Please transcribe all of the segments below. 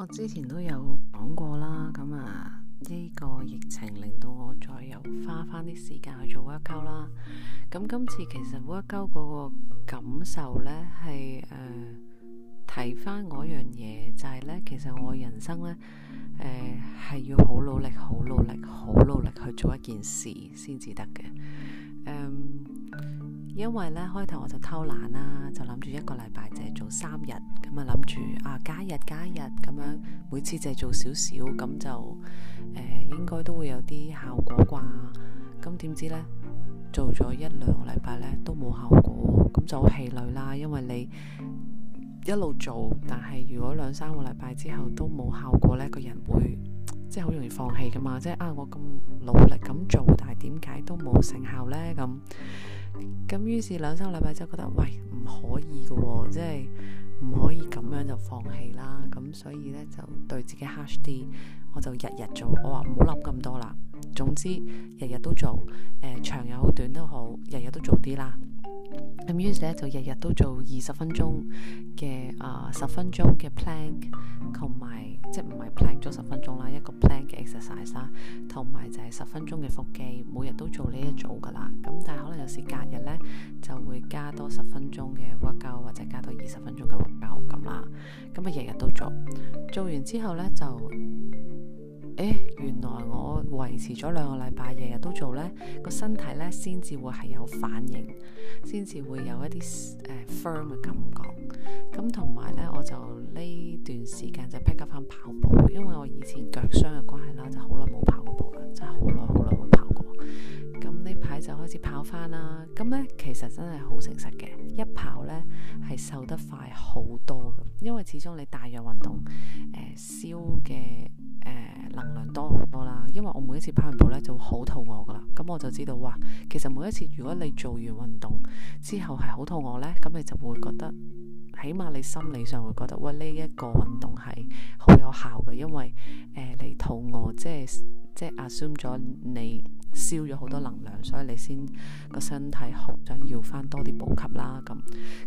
我之前都有講過啦，咁啊呢個疫情令到我再有花翻啲時間去做 workout 啦，咁今次其實 workout 嗰個感受呢，係誒睇翻嗰樣嘢就係、是、呢，其實我人生呢，誒、呃、係要好努力、好努力、好努力去做一件事先至得嘅，因為呢，開頭我就偷懶啦，就諗住一個禮拜淨係做三日。咁啊，諗住啊，加日加日咁樣，每次就係做少少咁就誒，應該都會有啲效果啩。咁點知呢，做咗一兩個禮拜呢都冇效果，咁就好氣餒啦。因為你一路做，但係如果兩三個禮拜之後都冇效果呢，個人會即係好容易放棄噶嘛。即係啊，我咁努力咁做，但係點解都冇成效呢？咁咁於是兩三個禮拜之後覺得喂唔可以噶，即係。放棄啦，咁所以咧就對自己 harsh 啲，我就日日做，我話唔好諗咁多啦，總之日日都做，誒，長又好短都好，日日都做啲啦。咁於是咧就日日都做二十分鐘嘅啊十分鐘嘅 plank 同埋即係唔係 plank 咗十分鐘啦，一個 plank 嘅 exercise 啦，同埋就係十分鐘嘅腹肌，每日都做呢一組噶啦。咁但係可能有時隔日呢，就會加多十分鐘嘅 workout，或者加多二十分鐘嘅 workout 咁啦。咁啊日日都做，做完之後呢就。誒，原來我維持咗兩個禮拜，日日都做呢個身體呢，先至會係有反應，先至會有一啲誒、呃、firm 嘅感覺。咁同埋呢，我就呢段時間就 pick up 翻跑步，因為我以前腳傷嘅關係啦，就好耐冇跑過步啦，真係好耐好耐冇跑過。咁呢排就開始跑翻啦。咁呢，其實真係好誠實嘅，一跑呢，係瘦得快好多噶，因為始終你大量運動誒、呃、燒嘅。多好多啦，因為我每一次跑完步咧就會好肚餓噶啦，咁我就知道哇，其實每一次如果你做完運動之後係好肚餓呢，咁你就會覺得起碼你心理上會覺得喂，呢一個運動係好有效嘅。因為誒、呃、你肚餓，即係即係 assume 咗你燒咗好多能量，所以你先個身體好，想要翻多啲補給啦。咁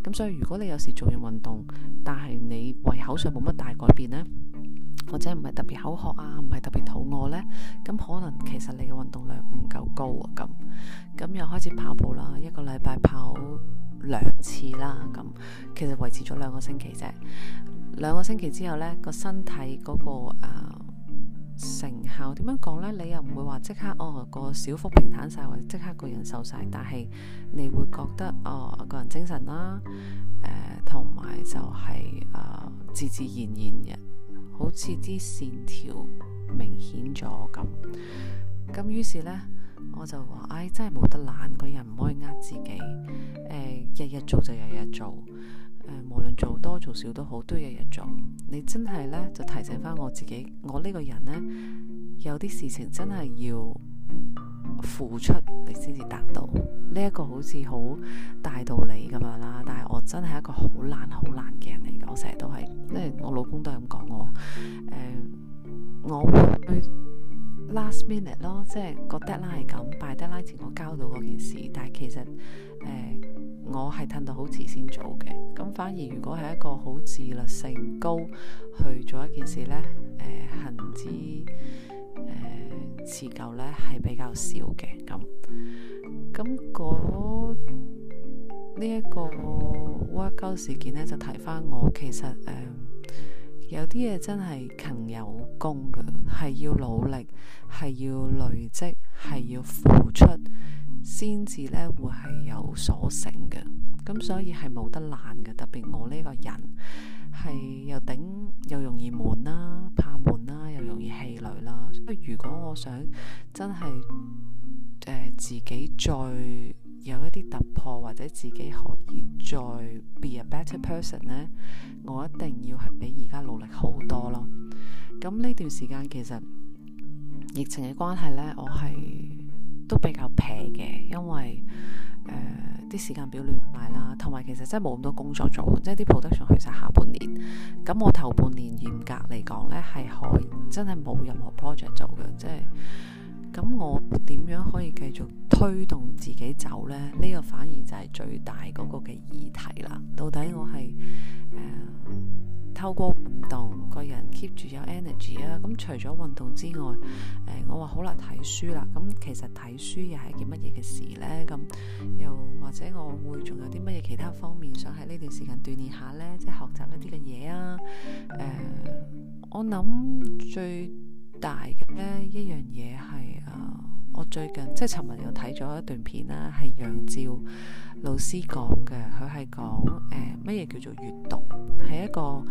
咁所以如果你有時做完運動，但係你胃口上冇乜大改變呢。或者唔係特別口渴啊，唔係特別肚餓呢。咁可能其實你嘅運動量唔夠高啊，咁咁又開始跑步啦，一個禮拜跑兩次啦，咁其實維持咗兩個星期啫。兩個星期之後呢，個身體嗰、個啊、呃、成效點樣講呢？你又唔會話即刻哦、個小腹平坦晒，或者即刻個人瘦晒。但係你會覺得哦個人精神啦、啊，同、呃、埋就係、是、啊、呃、自自然然嘅。好似啲線條明顯咗咁，咁於是呢，我就話：，唉，真係冇得懶，個人唔可以呃自己。誒、日日做就日日做，誒、呃，無論做多做少都好，都要日日做。你真係呢，就提醒翻我自己，我呢個人呢，有啲事情真係要。付出你先至達到呢一、這個好似好大道理咁樣啦，但係我真係一個好懶、好懶嘅人嚟噶，我成日都係，即係我老公都係咁講我，誒，我會 last minute 咯，即係覺得啦係咁，by deadline 前我交到嗰件事，但係其實誒、呃、我係褪到好遲先做嘅，咁反而如果係一個好自律性高去做一件事咧，誒、呃，行之。持久咧係比較少嘅，咁咁嗰呢一個挖溝事件咧就提翻我，其實誒、呃、有啲嘢真係勤有功嘅，係要努力，係要累積，係要付出，先至咧會係有所成嘅。咁所以係冇得懶嘅，特別我呢個人係又頂又容易悶啦。如果我想真係誒、呃、自己再有一啲突破，或者自己可以再 be a better person 咧，我一定要係比而家努力好多咯。咁呢段時間其實疫情嘅關係呢，我係都比較撇嘅，因為。啲時間表亂埋啦，同埋其實真係冇咁多工作做，即係啲 production 去晒下半年。咁我頭半年嚴格嚟講呢，係可以真係冇任何 project 做嘅，即係。咁我點樣可以繼續推動自己走呢？呢、呢個反而就係最大嗰個嘅議題啦。到底我係透過運動，個人 keep 住有 energy 啊！咁除咗運動之外，誒、呃、我話好啦，睇書啦！咁其實睇書又係一件乜嘢嘅事呢？咁又或者我會仲有啲乜嘢其他方面想喺呢段時間鍛煉下呢？即係學習一啲嘅嘢啊！誒、呃，我諗最大嘅呢一樣嘢係啊～、呃我最近即係尋日又睇咗一段片啦，係楊照老師講嘅，佢係講誒乜嘢叫做閱讀，係一個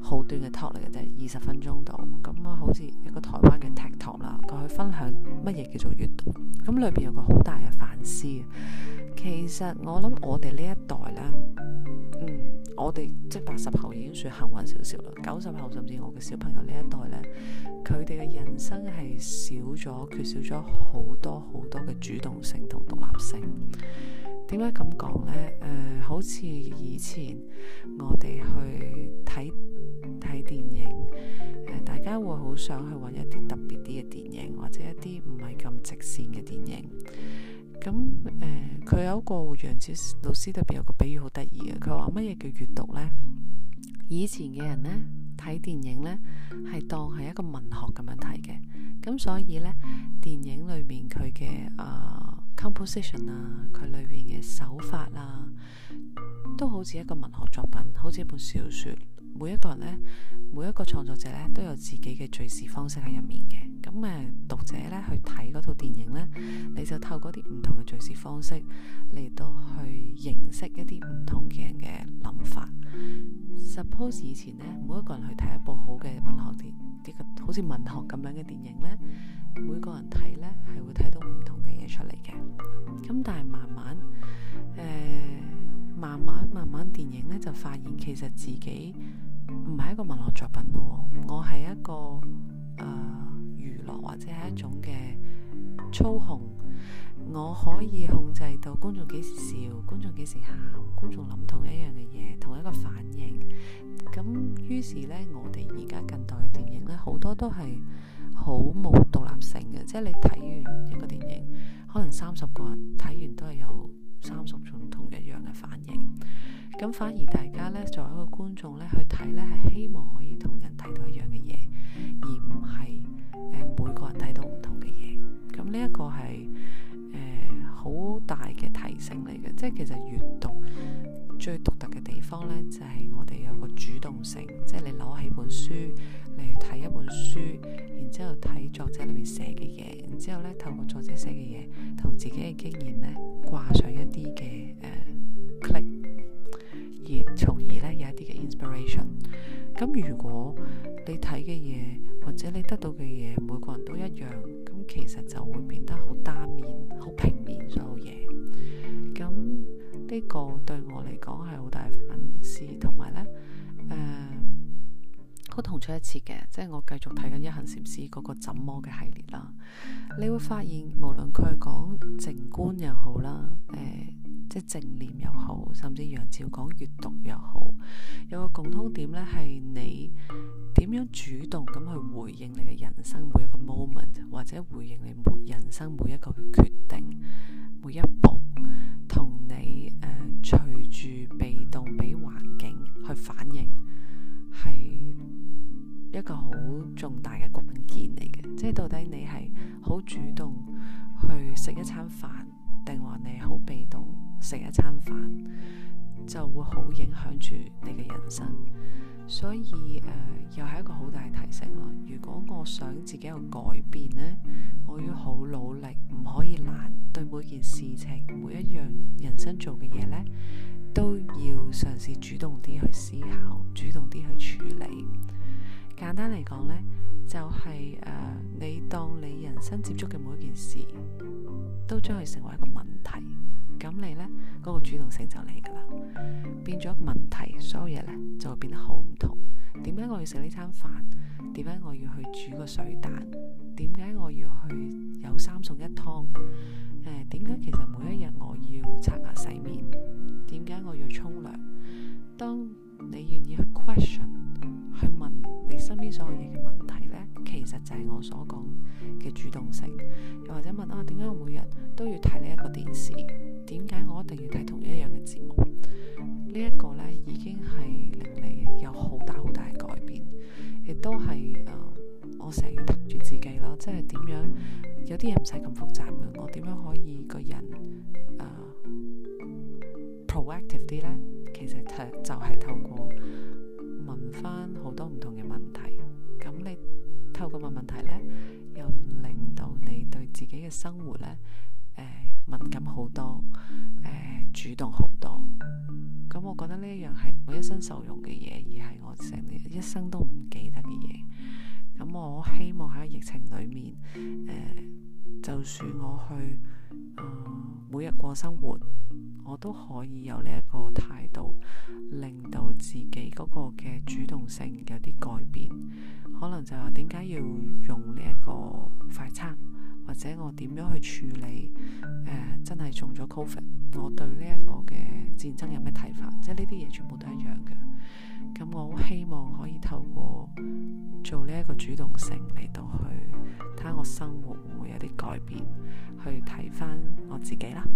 好短嘅 talk 嚟嘅啫，二十分鐘度，咁啊好似一個台灣嘅 talk 啦，佢去分享乜嘢叫做閱讀，咁裏面有個好大嘅反思，其實我諗我哋呢一代啦。我哋即係八十後已經算幸運少少啦，九十後甚至我嘅小朋友呢一代呢，佢哋嘅人生係少咗、缺少咗好多好多嘅主動性同獨立性。點解咁講呢？誒、呃，好似以前我哋去睇睇電影，呃，大家會好想去揾一啲特別啲嘅電影，或者一啲唔係咁直線嘅電影。咁誒，佢、呃、有個楊子老師特別有個比喻好得意嘅。佢話乜嘢叫閱讀呢？以前嘅人呢，睇電影呢，係當係一個文學咁樣睇嘅。咁所以呢，電影裏面佢嘅啊 composition 啊，佢裏面嘅手法啊，都好似一個文學作品，好似一本小説。每一個人呢，每一個創作者呢，都有自己嘅敘事方式喺入面嘅。咁誒，讀者呢去睇嗰套電影呢，你就透過啲唔同嘅敘事方式嚟到去認識一啲唔同嘅人嘅諗法。Suppose 以前呢，每一個人去睇一部好嘅文學片，這個、好似文學咁樣嘅電影呢，每個人睇呢係會睇到唔同嘅嘢出嚟嘅。咁但係慢慢、呃、慢慢慢慢電影呢，就發現其實自己。係一個文學作品咯，我係一個誒、呃、娛樂或者係一種嘅操控，我可以控制到觀眾幾時笑，觀眾幾時喊，觀眾諗同一樣嘅嘢，同一個反應。咁於是呢，我哋而家近代嘅電影呢，好多都係好冇獨立性嘅，即係你睇完一個電影，可能三十個人睇完都係有三十種同一樣嘅反應。咁反而大家咧，作為一個觀眾咧，去睇咧，係希望可以同人睇到一樣嘅嘢，而唔係誒每個人睇到唔同嘅嘢。咁呢一個係誒好大嘅提升嚟嘅，即係其實閱讀最獨特嘅地方咧，就係我哋有個主動性，即係你攞起本書嚟睇一本書，然之後睇作者裏面寫嘅嘢，然之後咧透過作者寫嘅嘢，同自己嘅經驗咧掛上一啲嘅誒 click。而從而咧有一啲嘅 inspiration。咁如果你睇嘅嘢或者你得到嘅嘢，每個人都一樣，咁其實就會變得好單面、好平面，所有嘢。咁呢個對我嚟講係好大嘅反思，同埋呢，誒、呃，好同出一次嘅，即係我繼續睇緊一行禪師嗰個「怎麼」嘅系列啦。你會發現無論佢係講靜觀又好啦，誒、呃。即係正念又好，甚至楊照講閱讀又好，有個共通點咧，係你點樣主動咁去回應你嘅人生每一個 moment，或者回應你每人生每一個決定、每一步，同你誒隨住被動俾環境去反應，係一個好重大嘅關鍵嚟嘅。即係到底你係好主動去食一餐飯，定話你好被動？食一餐飯就會好影響住你嘅人生，所以誒、呃、又係一個好大嘅提醒咯。如果我想自己有改變呢，我要好努力，唔可以懶，對每件事情、每一樣人生做嘅嘢呢，都要嘗試主動啲去思考，主動啲去處理。簡單嚟講呢，就係、是、誒、呃，你當你人生接觸嘅每一件事，都將佢成為一個問題。咁你呢，嗰、嗰個主動性就嚟㗎喇，變咗個問題，所有嘢呢，就會變得好唔同。點解我要食呢餐飯？點解我要去煮個水蛋？點解我要去有三餸一湯？誒、呃，點解其實每一日我要刷牙洗面？點解我要沖涼？當你願意去 question 去問你身邊所有嘢嘅問題呢，其實就係我所講嘅主動性。又或者問啊，點解我每日都要睇呢一個電視？點解我一定要睇同一樣嘅節目？呢、這、一個呢已經係令你有好大好大嘅改變，亦都係、呃、我成日要睇住自己咯。即係點樣？有啲嘢唔使咁複雜嘅，我點樣可以個人、呃、proactive 啲呢，其實就係透過問返好多唔同嘅問題，咁你透過問問題呢，又令到你對自己嘅生活呢，敏感好多，誒、呃、主動好多，咁我覺得呢一樣係我一生受用嘅嘢，而係我成一生都唔記得嘅嘢。咁我希望喺疫情裡面，誒、呃、就算我去、嗯、每日過生活，我都可以有呢一個態度，令到自己嗰個嘅主動性有啲改變。可能就話點解要用呢一個快餐？或者我點樣去處理？呃，真係中咗 COVID，我對呢一個嘅戰爭有咩睇法？即係呢啲嘢全部都一樣嘅。咁我好希望可以透過做呢一個主動性嚟到去睇下，我生活會有啲改變，去睇翻我自己啦。